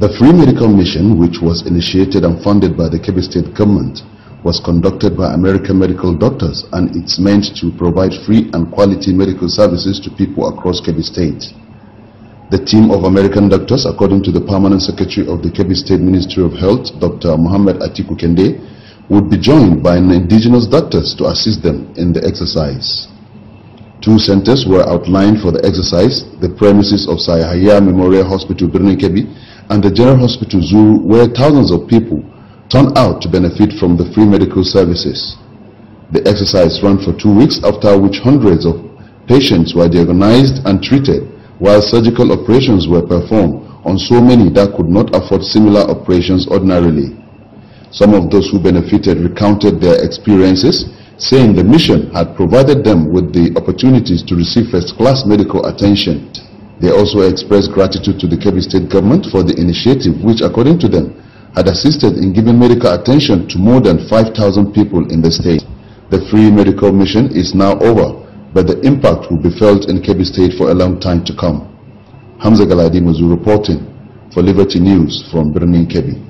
The free medical mission, which was initiated and funded by the Kebbi state government, was conducted by American medical doctors and it's meant to provide free and quality medical services to people across Kebbi State. The team of American doctors, according to the Permanent Secretary of the Kebbi State Ministry of Health, Dr. Mohamed Atiku Kende, would be joined by indigenous doctors to assist them in the exercise. Two centers were outlined for the exercise, the premises of Sayahaya Memorial Hospital, Birnin Kebbi, and the General Hospital Zoo, where thousands of people turned out to benefit from the free medical services. The exercise ran for two weeks after which hundreds of patients were diagnosed and treated while surgical operations were performed on so many that could not afford similar operations ordinarily. Some of those who benefited recounted their experiences, saying the mission had provided them with the opportunities to receive first-class medical attention. They also expressed gratitude to the Kebbi State government for the initiative which, according to them, had assisted in giving medical attention to more than 5,000 people in the state. The free medical mission is now over, but the impact will be felt in Kebbi State for a long time to come. Hamza Galadim Muzu reporting for Liberty News from Birnin Kebbi.